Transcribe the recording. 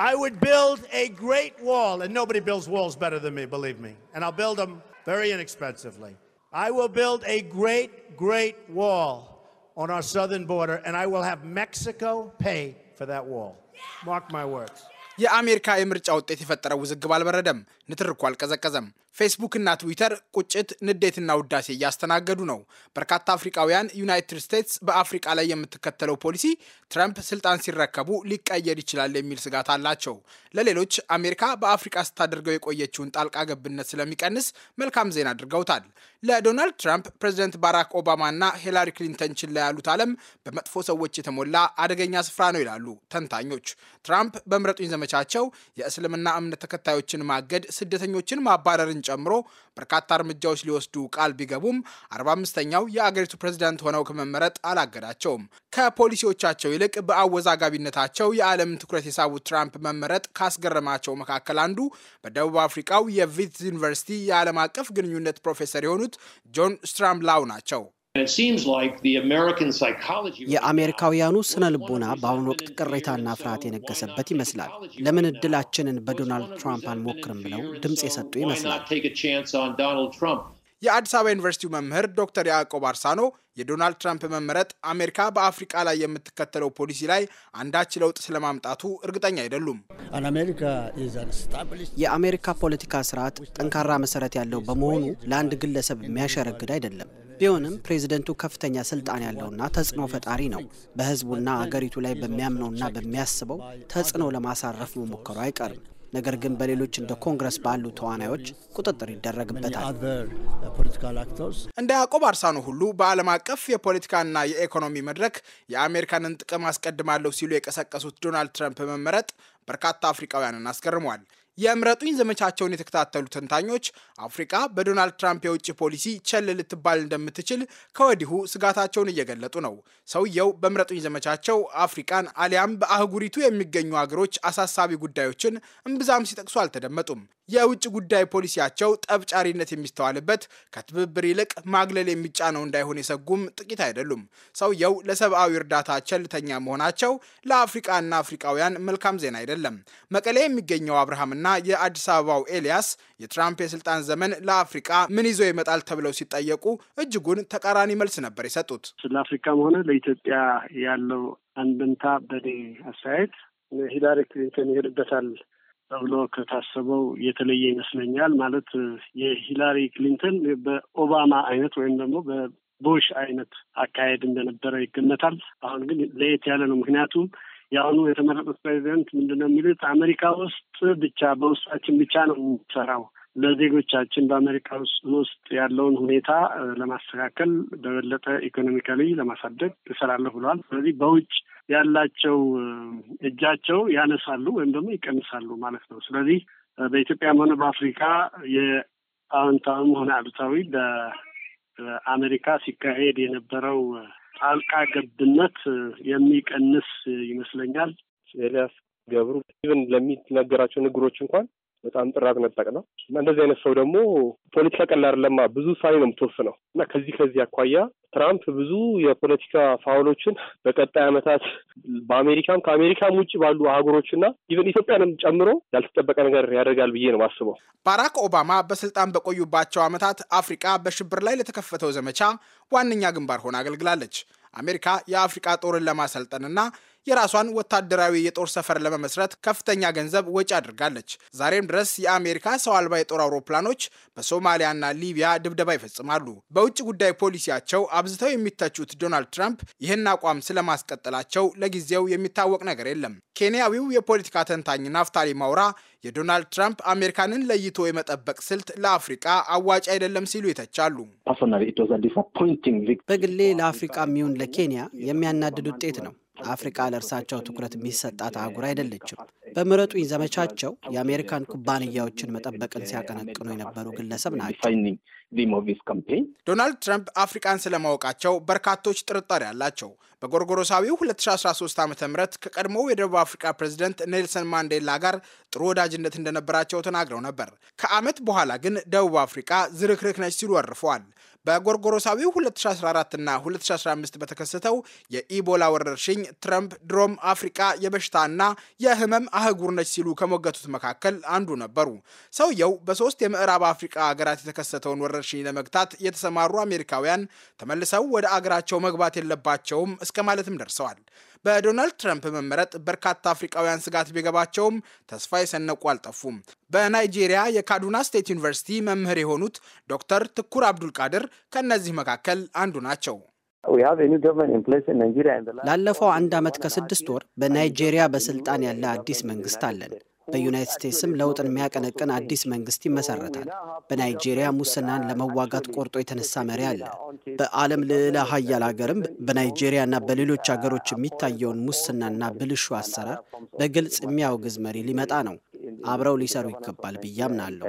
I would build a great wall, and nobody builds walls better than me, believe me. And I'll build them very inexpensively. I will build a great, great wall on our southern border, and I will have Mexico pay for that wall. Mark my words. የአሜሪካ የምርጫ ውጤት የፈጠረው ውዝግብ አልበረደም፣ ንትርኩ አልቀዘቀዘም። ፌስቡክና ትዊተር ቁጭት፣ ንዴትና ውዳሴ እያስተናገዱ ነው። በርካታ አፍሪካውያን ዩናይትድ ስቴትስ በአፍሪቃ ላይ የምትከተለው ፖሊሲ ትራምፕ ስልጣን ሲረከቡ ሊቀየር ይችላል የሚል ስጋት አላቸው። ለሌሎች አሜሪካ በአፍሪቃ ስታደርገው የቆየችውን ጣልቃ ገብነት ስለሚቀንስ መልካም ዜና አድርገውታል። ለዶናልድ ትራምፕ ፕሬዚደንት ባራክ ኦባማና ሂላሪ ክሊንተን ችላ ያሉት ዓለም በመጥፎ ሰዎች የተሞላ አደገኛ ስፍራ ነው ይላሉ ተንታኞች። ትራምፕ በምረጡኝ ዘመቻቸው የእስልምና እምነት ተከታዮችን ማገድ፣ ስደተኞችን ማባረርን ሰዎችን ጨምሮ በርካታ እርምጃዎች ሊወስዱ ቃል ቢገቡም 45 አምስተኛው የአገሪቱ ፕሬዚዳንት ሆነው ከመመረጥ አላገዳቸውም። ከፖሊሲዎቻቸው ይልቅ በአወዛጋቢነታቸው የዓለምን ትኩረት የሳቡት ትራምፕ መመረጥ ካስገረማቸው መካከል አንዱ በደቡብ አፍሪካው የቪት ዩኒቨርሲቲ የዓለም አቀፍ ግንኙነት ፕሮፌሰር የሆኑት ጆን ስትራምላው ናቸው። የአሜሪካውያኑ ስነ ልቦና በአሁኑ ወቅት ቅሬታና ፍርሃት የነገሰበት ይመስላል። ለምን እድላችንን በዶናልድ ትራምፕ አንሞክርም ብለው ድምፅ የሰጡ ይመስላል። የአዲስ አበባ ዩኒቨርሲቲው መምህር ዶክተር ያዕቆብ አርሳኖ የዶናልድ ትራምፕ መመረጥ አሜሪካ በአፍሪቃ ላይ የምትከተለው ፖሊሲ ላይ አንዳች ለውጥ ስለማምጣቱ እርግጠኛ አይደሉም። የአሜሪካ ፖለቲካ ስርዓት ጠንካራ መሰረት ያለው በመሆኑ ለአንድ ግለሰብ የሚያሸረግድ አይደለም። ቢሆንም ፕሬዝደንቱ ከፍተኛ ስልጣን ያለውና ተጽዕኖ ፈጣሪ ነው። በህዝቡና አገሪቱ ላይ በሚያምነውና በሚያስበው ተጽዕኖ ለማሳረፍ መሞከሩ አይቀርም። ነገር ግን በሌሎች እንደ ኮንግረስ ባሉ ተዋናዮች ቁጥጥር ይደረግበታል። እንደ ያዕቆብ አርሳኖ ሁሉ በዓለም አቀፍ የፖለቲካና የኢኮኖሚ መድረክ የአሜሪካንን ጥቅም አስቀድማለሁ ሲሉ የቀሰቀሱት ዶናልድ ትራምፕ መመረጥ በርካታ አፍሪካውያንን አስገርሟል። የምረጡኝ ዘመቻቸውን የተከታተሉ ተንታኞች አፍሪቃ በዶናልድ ትራምፕ የውጭ ፖሊሲ ቸል ልትባል እንደምትችል ከወዲሁ ስጋታቸውን እየገለጡ ነው። ሰውየው በምረጡኝ ዘመቻቸው አፍሪቃን አሊያም በአህጉሪቱ የሚገኙ አገሮች አሳሳቢ ጉዳዮችን እምብዛም ሲጠቅሱ አልተደመጡም። የውጭ ጉዳይ ፖሊሲያቸው ጠብጫሪነት የሚስተዋልበት ከትብብር ይልቅ ማግለል የሚጫነው እንዳይሆን የሰጉም ጥቂት አይደሉም። ሰውየው ለሰብአዊ እርዳታ ቸልተኛ መሆናቸው ለአፍሪቃና አፍሪቃውያን መልካም ዜና አይደለም። መቀሌ የሚገኘው አብርሃምና የአዲስ አበባው ኤልያስ የትራምፕ የስልጣን ዘመን ለአፍሪቃ ምን ይዞ ይመጣል ተብለው ሲጠየቁ እጅጉን ተቃራኒ መልስ ነበር የሰጡት። ለአፍሪካም ሆነ ለኢትዮጵያ ያለው አንድምታ በኔ አስተያየት ሂላሪ ክሊንተን ይሄድበታል ተብሎ ከታሰበው የተለየ ይመስለኛል። ማለት የሂላሪ ክሊንተን በኦባማ አይነት ወይም ደግሞ በቡሽ አይነት አካሄድ እንደነበረ ይገመታል። አሁን ግን ለየት ያለ ነው። ምክንያቱም የአሁኑ የተመረጡት ፕሬዚደንት ምንድነው የሚሉት አሜሪካ ውስጥ ብቻ በውስጣችን ብቻ ነው የምንሰራው ለዜጎቻችን በአሜሪካ ውስጥ ያለውን ሁኔታ ለማስተካከል በበለጠ ኢኮኖሚካሊ ለማሳደግ እሰራለሁ ብለዋል። ስለዚህ በውጭ ያላቸው እጃቸው ያነሳሉ ወይም ደግሞ ይቀንሳሉ ማለት ነው። ስለዚህ በኢትዮጵያም ሆነ በአፍሪካ የአዎንታዊም ሆነ አሉታዊ በአሜሪካ ሲካሄድ የነበረው ጣልቃ ገብነት የሚቀንስ ይመስለኛል። ኤልያስ ገብሩ ኢቨን ለሚነገራቸው ንግሮች እንኳን በጣም ጥራት ነጠቅ ነው እና እንደዚህ አይነት ሰው ደግሞ ፖለቲካ ቀላል ለማ ብዙ ውሳኔ ነው የምትወስነው እና ከዚህ ከዚህ አኳያ ትራምፕ ብዙ የፖለቲካ ፋውሎችን በቀጣይ ዓመታት በአሜሪካም ከአሜሪካም ውጭ ባሉ አህጉሮችና ኢቨን ኢትዮጵያንም ጨምሮ ያልተጠበቀ ነገር ያደርጋል ብዬ ነው ማስበው። ባራክ ኦባማ በስልጣን በቆዩባቸው ዓመታት አፍሪቃ በሽብር ላይ ለተከፈተው ዘመቻ ዋነኛ ግንባር ሆና አገልግላለች። አሜሪካ የአፍሪቃ ጦርን ለማሰልጠንና የራሷን ወታደራዊ የጦር ሰፈር ለመመስረት ከፍተኛ ገንዘብ ወጪ አድርጋለች። ዛሬም ድረስ የአሜሪካ ሰው አልባ የጦር አውሮፕላኖች በሶማሊያና ሊቢያ ድብደባ ይፈጽማሉ። በውጭ ጉዳይ ፖሊሲያቸው አብዝተው የሚተቹት ዶናልድ ትራምፕ ይህን አቋም ስለማስቀጠላቸው ለጊዜው የሚታወቅ ነገር የለም። ኬንያዊው የፖለቲካ ተንታኝ ናፍታሊ ማውራ የዶናልድ ትራምፕ አሜሪካንን ለይቶ የመጠበቅ ስልት ለአፍሪቃ አዋጭ አይደለም ሲሉ ይተቻሉ። በግሌ ለአፍሪቃ የሚሆን ለኬንያ የሚያናድድ ውጤት ነው። አፍሪቃ ለእርሳቸው ትኩረት የሚሰጣት አህጉር አይደለችም። በምረጡኝ ዘመቻቸው የአሜሪካን ኩባንያዎችን መጠበቅን ሲያቀነቅኑ የነበሩ ግለሰብ ናቸው። ዶናልድ ትራምፕ አፍሪቃን ስለማወቃቸው በርካቶች ጥርጣሬ አላቸው። በጎርጎሮሳዊው 2013 ዓ ም ከቀድሞው የደቡብ አፍሪካ ፕሬዝደንት ኔልሰን ማንዴላ ጋር ጥሩ ወዳጅነት እንደነበራቸው ተናግረው ነበር። ከዓመት በኋላ ግን ደቡብ አፍሪካ ዝርክርክ ነች ሲሉ ወርፈዋል። በጎርጎሮሳዊው 2014 እና 2015 በተከሰተው የኢቦላ ወረርሽኝ ትረምፕ ድሮም አፍሪቃ የበሽታና የህመም አህጉር ነች ሲሉ ከሞገቱት መካከል አንዱ ነበሩ። ሰውየው በሶስት የምዕራብ አፍሪቃ ሀገራት የተከሰተውን ወረርሽኝ ለመግታት የተሰማሩ አሜሪካውያን ተመልሰው ወደ አገራቸው መግባት የለባቸውም እስከ ማለትም ደርሰዋል። በዶናልድ ትራምፕ መመረጥ በርካታ አፍሪቃውያን ስጋት ቢገባቸውም ተስፋ የሰነቁ አልጠፉም። በናይጄሪያ የካዱና ስቴት ዩኒቨርሲቲ መምህር የሆኑት ዶክተር ትኩር አብዱል ቃድር ከእነዚህ መካከል አንዱ ናቸው። ላለፈው አንድ ዓመት ከስድስት ወር በናይጄሪያ በስልጣን ያለ አዲስ መንግስት አለን። በዩናይትድ ስቴትስም ለውጥን የሚያቀነቅን አዲስ መንግስት ይመሰረታል። በናይጄሪያ ሙስናን ለመዋጋት ቆርጦ የተነሳ መሪ አለ። በዓለም ልዕለ ሀያል ሀገርም በናይጄሪያና በሌሎች ሀገሮች የሚታየውን ሙስናና ብልሹ አሰራር በግልጽ የሚያውግዝ መሪ ሊመጣ ነው። አብረው ሊሰሩ ይገባል ብዬ አምናለሁ።